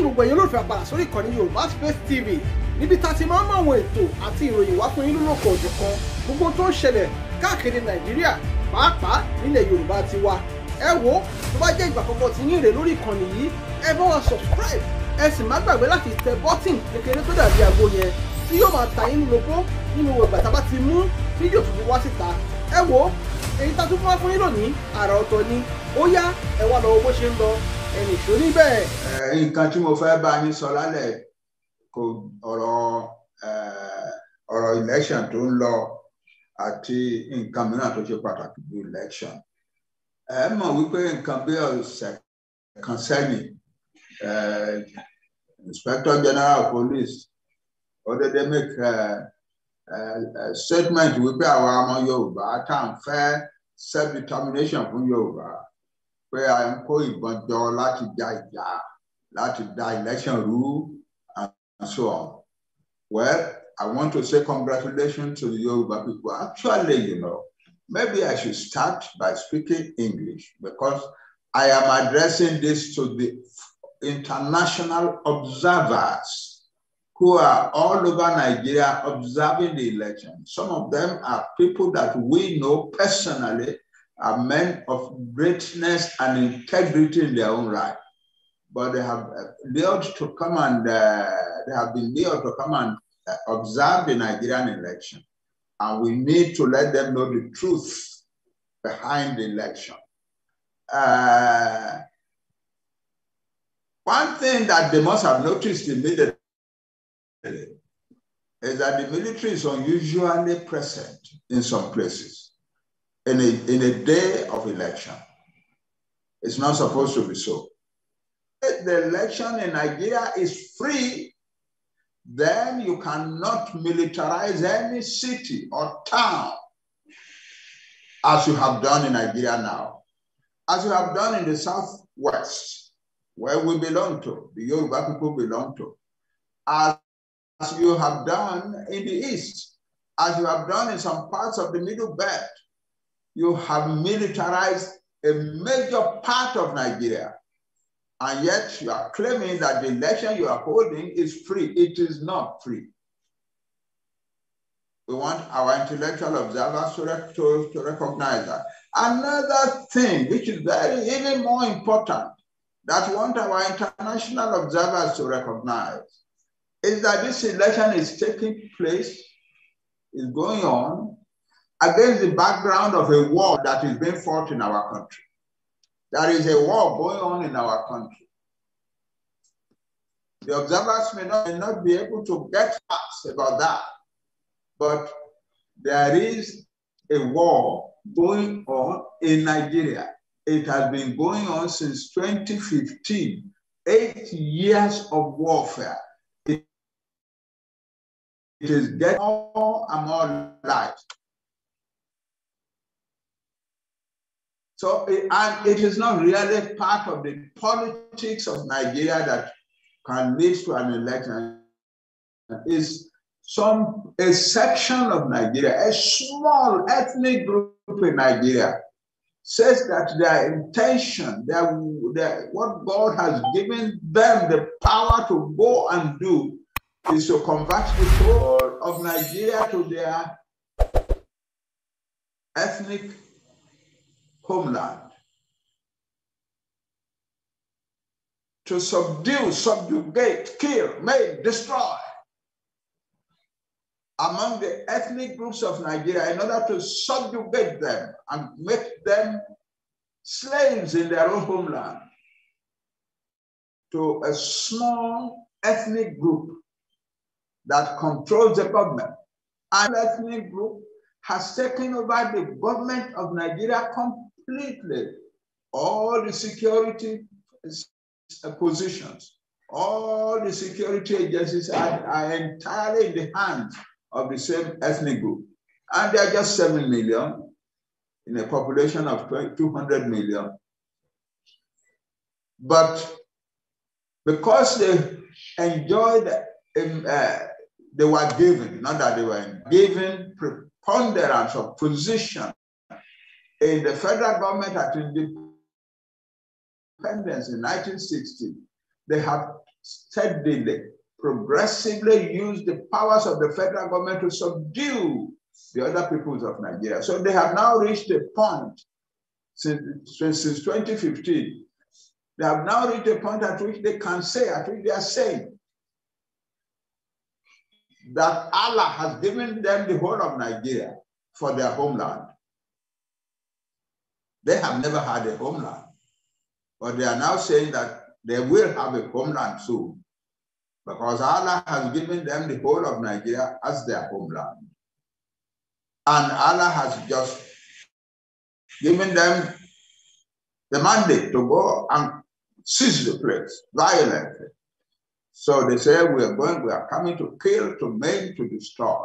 kí gbogbo ẹ̀yin olólùfẹ́ apàdà sórí ìkànnì Yorùbá Space TV níbi tá a ti máa ń mọ àwọn ètò àti ìròyìn wá fún yín lọ́lọ́kọ̀ ọ̀jọ̀ kan gbogbo tó ń ṣẹlẹ̀ káàkiri Nàìjíríà pàápàá nílẹ̀ Yorùbá ti wa ẹ wo tó bá jẹ́ ìgbà àkọ́kọ́ tí yín rè lórí ìkànnì yìí ẹ bá wa subscribe ẹ sì má gbàgbé láti tẹ bọ́tìn kékeré tó dàbí àgbo yẹn tí yóò máa ta yín lóko nínú ìgbà tá a bá ti mú fídíò tuntun wá síta ẹ wo èyí tá a tún fún wa fún yín lónìí àrà ọ̀tọ̀ ni ó yá ẹ wá lọ owó ṣe ń lọ ẹnì tó ní bẹ́ẹ̀. nǹkan tí mo fẹ́ bá yín sọ lálẹ́ kò ọ̀rọ̀ ọ̀rọ̀ election tó ń lọ àti nǹkan mìíràn tó ṣe pàtàkì bí election ẹ mọ̀ wípé nǹkan bí ọ̀sẹ̀ kan sẹ́yìn inspector general of police ọdẹdẹ make statement wípé àwa ọmọ Yorùbá tá à ń fẹ́ self determination fún Yorùbá pé à ń kó ìbọn jọ láti ja ìjà láti da election rule and so on. Well, I want to say congratulations to the Yoruba people. Actually, you know, maybe I should start by speaking English because I am addressing this to the international observers who are all over Nigeria observing the election. Some of them are people that we know personally are men of greatness and integrity in their own right. But they have failed uh, to come and uh, they have been failed to come and uh, observe the Nigerian election. And we need to let them know the truth behind the election. Uh, one thing that they must have noticed immediately is that the military is unusually present in some places in a, in a day of election. It's not supposed to be so. If the election in Nigeria is free, then you cannot militarize any city or town as you have done in Nigeria now, as you have done in the Southwest, where we belong to, the Yoruba people belong to, as, as you have done in the East, as you have done in some parts of the Middle Belt, you have militarized a major part of Nigeria. And yet you are claiming that the election you are holding is free. It is not free. We want our intellectual observers to, rec to, to recognize that. Another thing, which is very even more important, that we want our international observers to recognize, is that this election is taking place, is going on against the background of a war that is being fought in our country. There is a war going on in our country. The observers may not, may not be able to get facts about that, but there is a war going on in Nigeria. It has been going on since 2015, eight years of warfare. It is getting more and more lives. So, eh, and it is not really part of the politics of Nigeria that can lead to an election. Is some a section of Nigeria, a small ethnic group in Nigeria, says that their intention, their, their what God has given them the power to go and do, is to convert the whole of Nigeria to their ethnic homeland. To subdue, subjugate, kill, maim, destroy among the ethnic groups of Nigeria in order to subjugate them and make them slaves in their own homeland to a small ethnic group that controls the government. An ethnic group has taken over the government of Nigeria completely completely all the security positions, all the security agencies are, are entirely in the hands of the same ethnic group. And there are just 7 million in a population of 200 million. But because they enjoyed, um, uh, they were given, not that they were given preponderance of position in the federal government at independence in 1960, they have steadily, progressively used the powers of the federal government to subdue the other peoples of Nigeria. So they have now reached a point since, since 2015. They have now reached a point at which they can say, at which they are saying, that Allah has given them the whole of Nigeria for their homeland. They have never had a homeland. But they are now saying that they will have a homeland soon because Allah has given them the whole of Nigeria as their homeland. And Allah has just given them the mandate to go and seize the place violently. So they say, we are going, we are coming to kill, to maim, to destroy.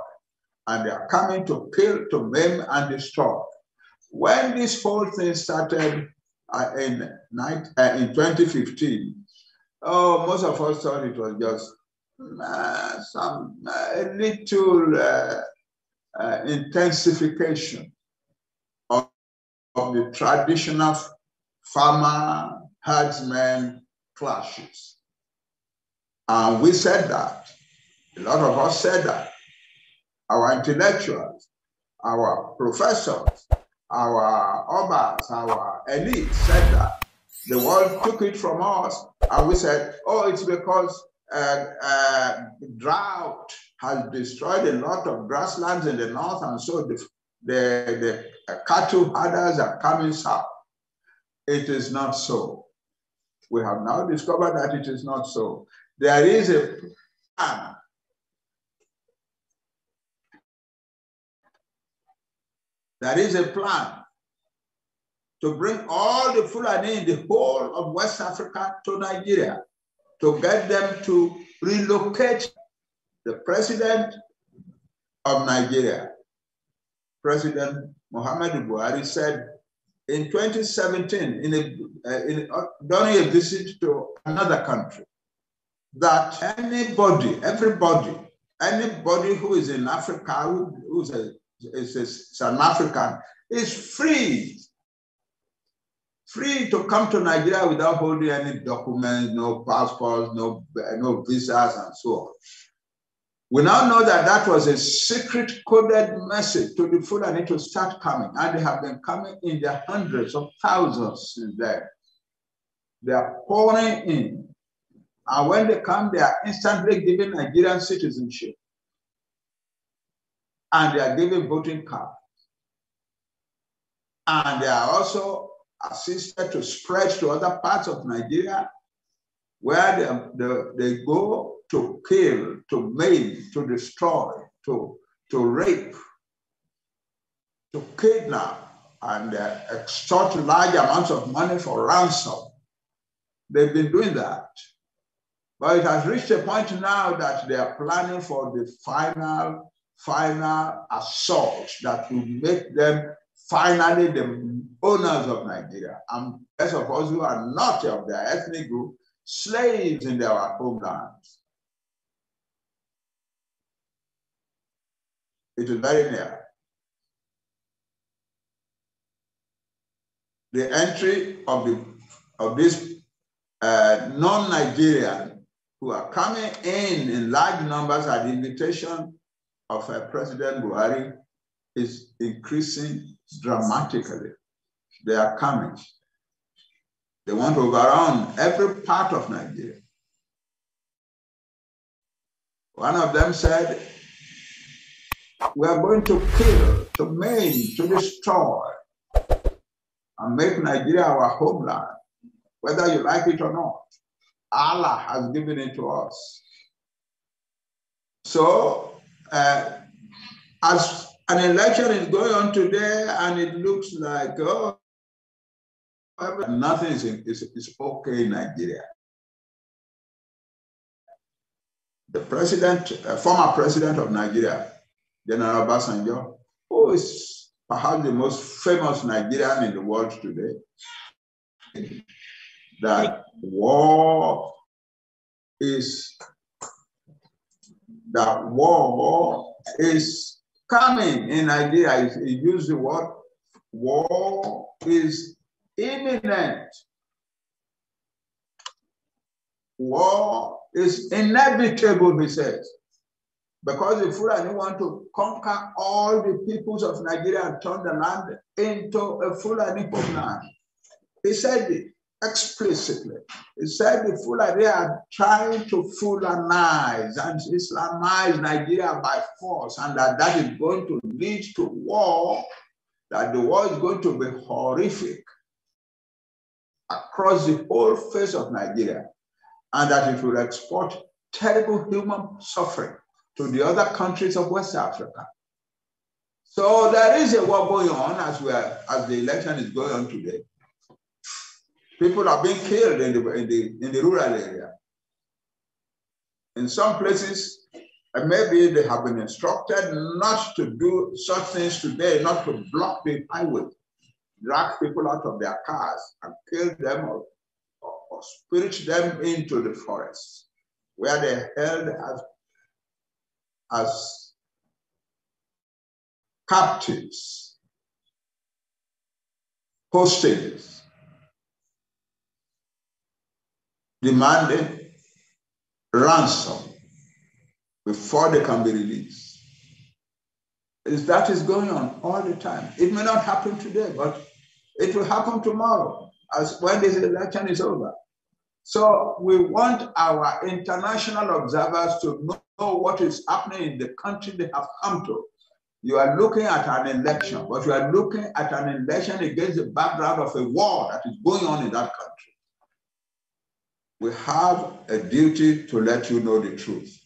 And they are coming to kill, to maim, and destroy. When this whole thing started uh, in, uh, in 2015, oh, most of us thought it was just uh, some little uh, uh, intensification of, of, the traditional farmer herdsman clashes. And we said that. A lot of us said that. Our intellectuals, our professors, our Omas, our elite said that. The world took it from us, and we said, oh, it's because uh, uh, drought has destroyed a lot of grasslands in the north, and so the, the, the cattle herders are coming south. It is not so. We have now discovered that it is not so. There is a plan There is a plan to bring all the Fulani in the whole of West Africa to Nigeria to get them to relocate the president of Nigeria. President Muhammad Buhari said in 2017, in, a, uh, in uh, during a visit to another country, that anybody, everybody, anybody who is in Africa who, who's a is, is an African, is free. Free to come to Nigeria without holding any documents, no passports, no, no visas, and so on. We now know that that was a secret coded message to the food and it will start coming. And they have been coming in the hundreds of thousands since then. They are pouring in. And when they come, they are instantly given Nigerian citizenship and they are given voting cards. And they are also assisted to spread to other parts of Nigeria where they, they, they go to kill, to maim, to destroy, to, to rape, to kidnap, and uh, extort large amounts of money for ransom. They've been doing that. But it has reached a point now that they are planning for the final final assault that will make them finally the owners of Nigeria. And those of us who are not of their ethnic group, slaves in their homelands. It is very near. The entry of, the, of this uh, non-Nigerian who are coming in in large numbers at the invitation of uh, President Buhari is increasing dramatically. They are coming. They want to go around every part of Nigeria. One of them said, we are going to kill, to maim, to destroy, and make Nigeria our homeland, whether you like it or not. Allah has given it to us. So uh, as an election is going on today and it looks like, oh, nothing is, is, is okay in Nigeria. The president, uh, former president of Nigeria, General Obasanjo, who is perhaps the most famous Nigerian in the world today, that war is that war is coming. In idea, I use the word war is imminent. War is inevitable, he says. Because if Fulani want to conquer all the peoples of Nigeria and turn the land into a Fulani land, he said it explicitly. He said the Fulani are trying to Fulanize and Islamize Nigeria by force, and that that is going to lead to war, that the war is going to be horrific across the whole face of Nigeria, and that it will export terrible human suffering to the other countries of West Africa. So there is a war going on as, we are, as the election is going on today. People are being killed in the, in the, in the rural area. In some places, uh, maybe they have been instructed not to do such things today, not to block the highway, drag people out of their cars and kill them or, or, or spirit them into the forest where they're held as, as captives, hostages. demanded ransom before they can be released. Is that is going on all the time. It may not happen today, but it will happen tomorrow as when this election is over. So we want our international observers to know what is happening in the country they have come to. You are looking at an election, but you are looking at an election against the background of a war that is going on in that country we have a duty to let you know the truth.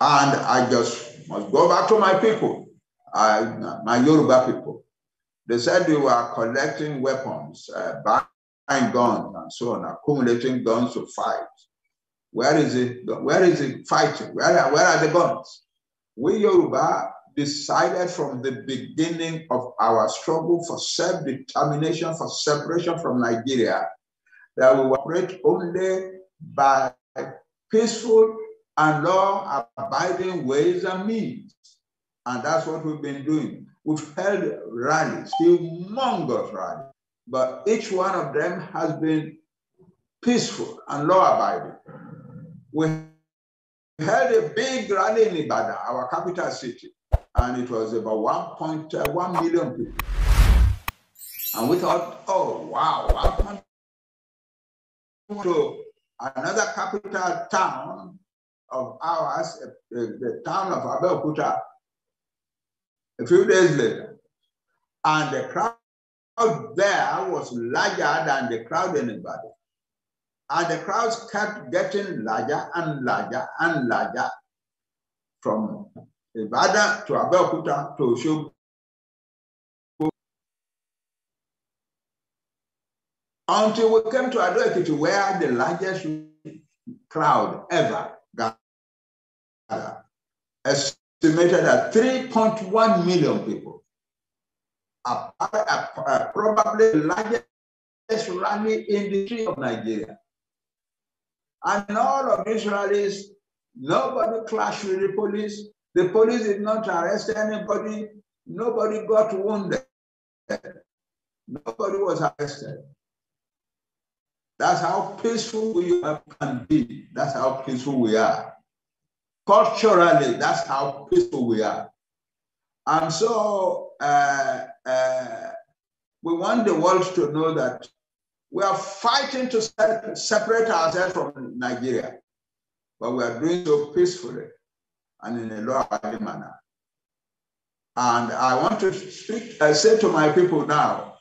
And I just must go back to my people, I, my Yoruba people. They said they were collecting weapons, uh, buying guns and so on, accumulating guns to fight. Where is it? Where is it fighting? Where are, where are the guns? We Yoruba decided from the beginning of our struggle for self-determination, for separation from Nigeria, that we operate only by peaceful and law abiding ways and means. And that's what we've been doing. We've held rallies, humongous rallies, but each one of them has been peaceful and law abiding. We held a big rally in Ibadan, our capital city, and it was about 1.1 million people. And we thought, oh, wow, to another capital town of ours, eh, the, the town of Abeokuta, a few days later. And the crowd there was larger than the crowd in anybody. And the crowds kept getting larger and larger and larger from Ibadan to Abeokuta to until we came to Ado Ekiti, where the largest crowd ever gathered, estimated at 3.1 million people, a, a, a, probably the largest rally in the history of Nigeria. And all of these rallies, nobody clashed with the police. The police did not arrest anybody. Nobody got wounded. Nobody was arrested. That's how peaceful we can be. That's how peaceful we are. Culturally, that's how peaceful we are. And so uh, uh, we want the world to know that we are fighting to separate ourselves from Nigeria, but we are doing so peacefully and in a law-abiding manner. And I want to speak, I say to my people now,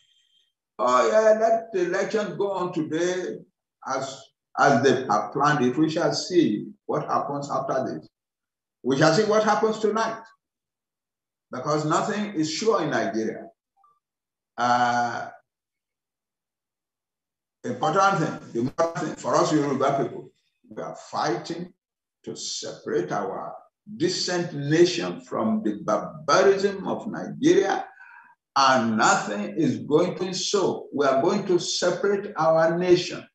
Oh yeah, let the election go on today as as they have planned it. We shall see what happens after this. We shall see what happens tonight, because nothing is sure in Nigeria. Uh, important thing, the important thing for us Yoruba people, we are fighting to separate our decent nation from the barbarism of Nigeria and nothing is going to show. We are going to separate our nation.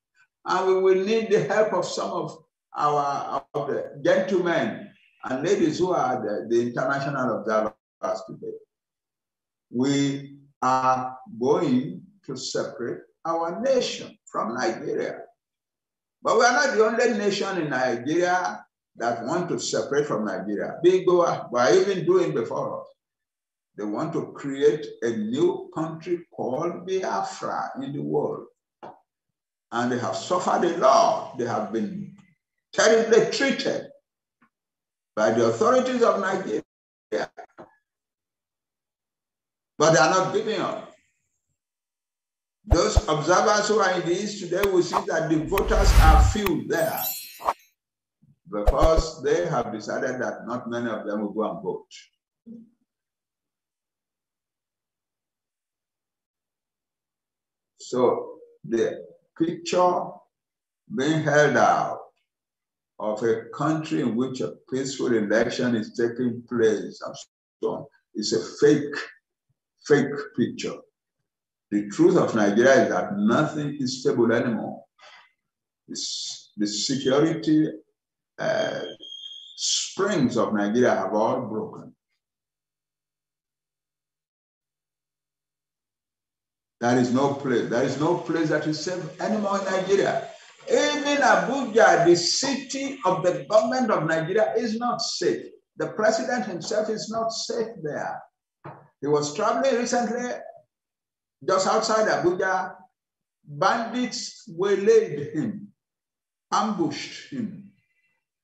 And we will need the help of some of our, our gentlemen and ladies who are the, the international observers today. We are going to separate our nation from Nigeria. But we are not the only nation in Nigeria that want to separate from Nigeria. Big Goa, we are even doing before us. They want to create a new country called Biafra in the world. And they have suffered a lot. They have been terribly treated by the authorities of Nigeria. But they are not giving up. Those observers who are in the East today will see that the voters are few there because they have decided that not many of them will go and vote. So the picture being held out of a country in which a peaceful election is taking place and so on is a fake, fake picture. The truth of Nigeria is that nothing is stable anymore. It's the security uh, springs of Nigeria have all broken. There is no place. There is no place that is safe anymore in Nigeria. Even Abuja, the city of the government of Nigeria, is not safe. The president himself is not safe there. He was traveling recently just outside Abuja. Bandits waylaid him, ambushed him,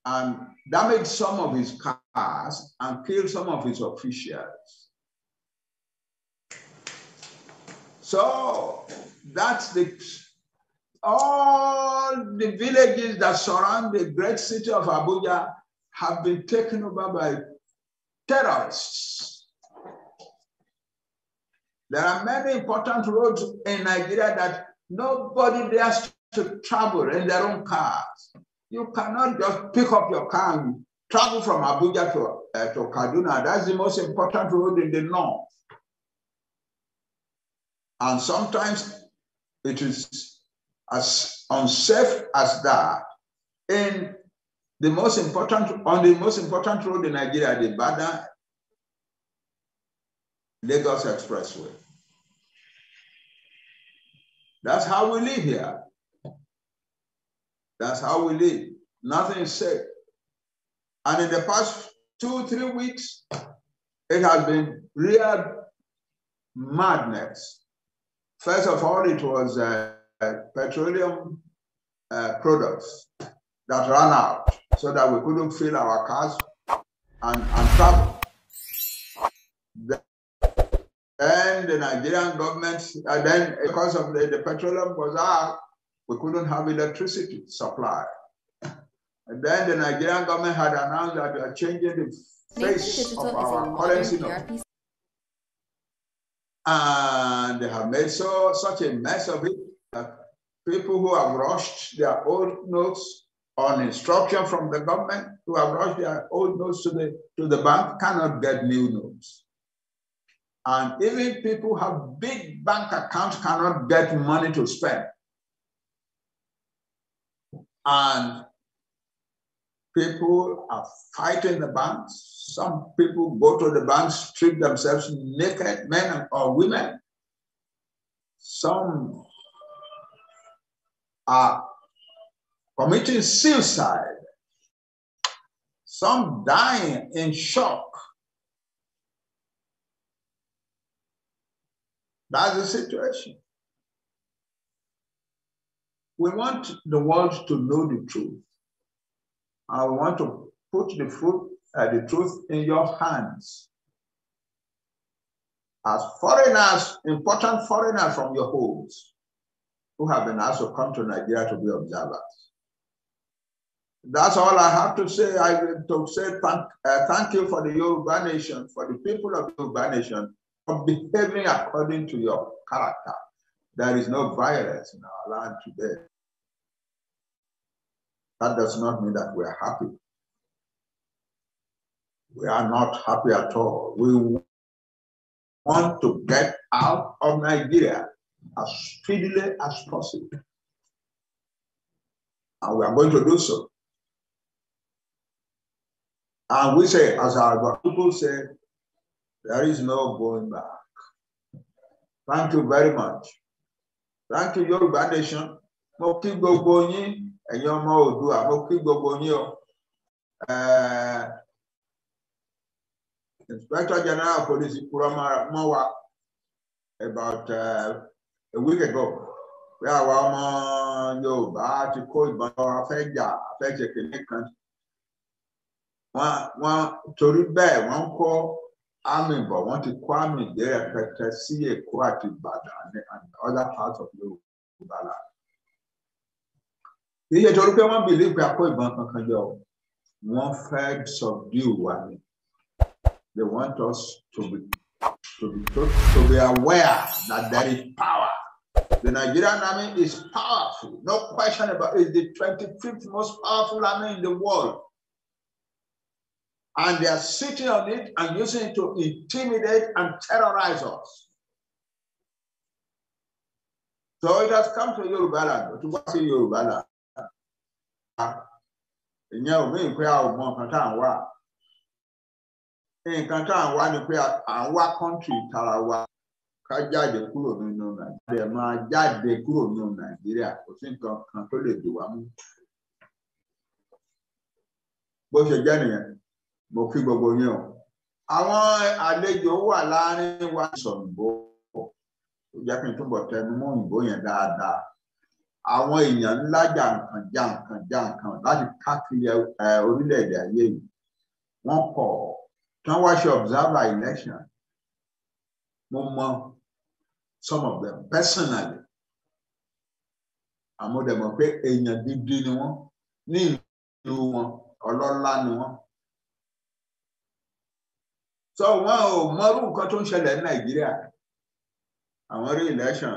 and damaged some of his cars and killed some of his officials. So that's the all the villages that surround the great city of Abuja have been taken over by terrorists. There are many important roads in Nigeria that nobody dares to travel in their own cars. You cannot just pick up your car and travel from Abuja to, uh, to Kaduna. That's the most important road in the north. And sometimes it is as unsafe as that. And the most important on the most important road in Nigeria, the Bada Lagos Expressway. That's how we live here. That's how we live. Nothing is safe. And in the past two, three weeks, it has been real madness. First of all, it was uh, petroleum uh, products that ran out so that we couldn't fill our cars and, and travel. Then the Nigerian government, uh, then because of the, the petroleum was out, we couldn't have electricity supply. And then the Nigerian government had announced that they are changing the face of our currency. And they have made so such a mess of it that people who have rushed their old notes on instruction from the government, who have rushed their old notes to the, to the bank, cannot get new notes. And even people who have big bank accounts cannot get money to spend. And People are fighting the banks. Some people go to the banks, strip themselves naked, men or women. Some are committing suicide. Some dying in shock. That's the situation. We want the world to know the truth. I want to put the fruit, uh, the truth in your hands. As foreigners, important foreigners from your homes, who have been asked to come to Nigeria to be observers. That's all I have to say. I to say thank, uh, thank you for the Yoruba nation, for the people of Yoruba nation, for behaving according to your character. There is no violence in our land today. That does not mean that we're happy. We are not happy at all. We want to get out of Nigeria as speedily as possible. And we are going to do so. And we say, as our people say, there is no going back. Thank you very much. Thank you, Yoruba Nation. ẹ̀yin ọmọ Oòduà mo kí gbogbo yín o eh, inspector general of police kúrọ wa about eh, a week ago pé àwa ọmọ Yorùbá ti kó ìbọn lọ afẹ́ jà afẹ́ ṣe kìnní kan wọ́n torí bẹ́ẹ̀ wọ́n ti kọ ami sí Èkó àti Ìbàdàn and other parts of Yorùbá iye ìjọ olùkọ́ wọn bìlí pé akó ìbọn kankan jọ wọn fẹ́ subdue wa ni they want us to be to be to, to be aware that there is power the Nigerian army is powerful no question about it is the twenty-fifth most powerful army in the world and they are sitting on it and using it to intimidate and terrorize us. So it has come to Yoruba land, to in Yoruba land. ìyẹn ò míì pé a ò nǹkan tá à ń wá nǹkan tá à ń wá ni pé à ń wá kọ́ńtì tara wa ká jáde kúrò nínú nàìjíríà máa jáde kúrò nínú nàìjíríà kò kan tó lè wá mú bó ṣe gbogbo yín àwọn àlejò wà láàrin wa sọ̀nbó ó jẹ́ kí n túbọ̀ tẹnu mọ́ òyìnbó àwọn èèyàn ńlá jàǹkàn jàǹkàn jàǹkàn láti káàkiri orílẹ̀-èdè ayé yìí wọ́n kọ̀ kán wá ṣe observer election mo mọ some of them personally àmọ́ dẹ̀ mọ̀ pé èèyàn gidi ni wọ́n ní ìlú wọn ọlọ́lá ni wọ́n sọ wọn ò mọrú nǹkan tó ń ṣẹlẹ̀ ní Nàìjíríà àwọn rí election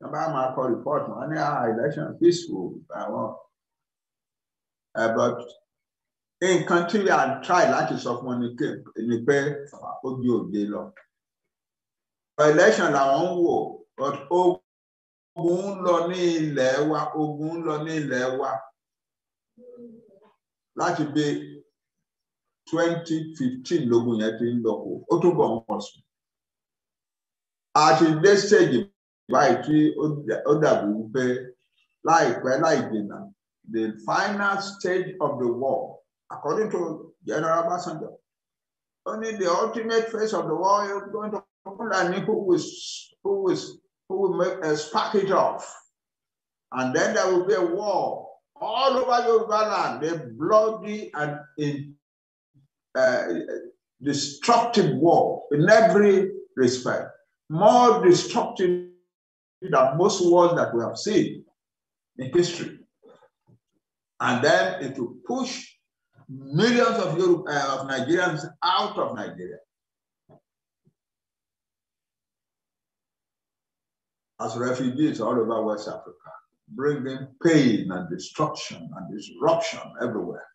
wọ́n bá máa kọ report wọ́n ní our ah, election peaceful àwọn eh, but nǹkan tí a try láti sọ fún wọn ni pé ó gbé òde lọ election làwọn ń wò but ogun ń lọ ní ilẹ̀ wa ogun ń lọ ní ilẹ̀ wa láti bí twenty fifteen lógun yẹn ti ń lọ kó ó túbọ̀ ń pọ̀ sí àti dé stage Like tí ó dàbí the final stage of the war according to General Obasanjo only the ultimate phase of the war is going to come. And who is who is will who will make a uh, spark it off and then there will be a war all over the land a bloody and in, uh, destructive war in every respect more destructive that most wars that we have seen in history. And then it will push millions of, Europe, uh, of Nigerians out of Nigeria. As refugees all over West Africa, bringing pain and destruction and disruption everywhere.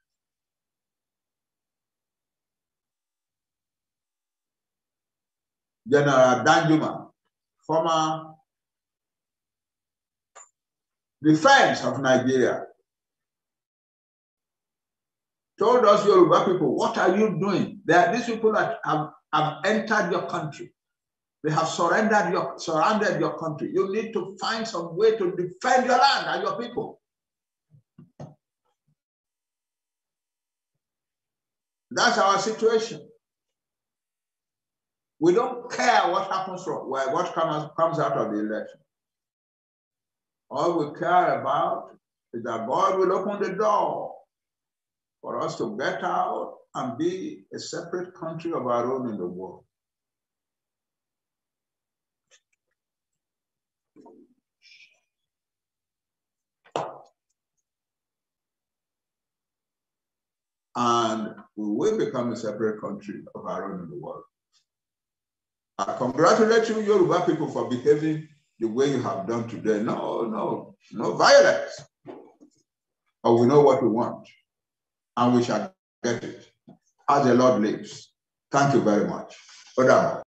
General Danjuma, former the fans of Nigeria told us Yoruba people, what are you doing? There are these people that have, have entered your country. They have surrendered your, surrounded your country. You need to find some way to defend your land and your people. That's our situation. We don't care what happens from what comes, comes out of the election. All we care about is that God will open the door for us to get out and be a separate country of our own in the world. And we will become a separate country of our own in the world. I congratulate you, Yoruba people, for behaving the way you have done today. No, no, no violence. But we know what we want and we shall get it as the Lord lives. Thank you very much. Brother.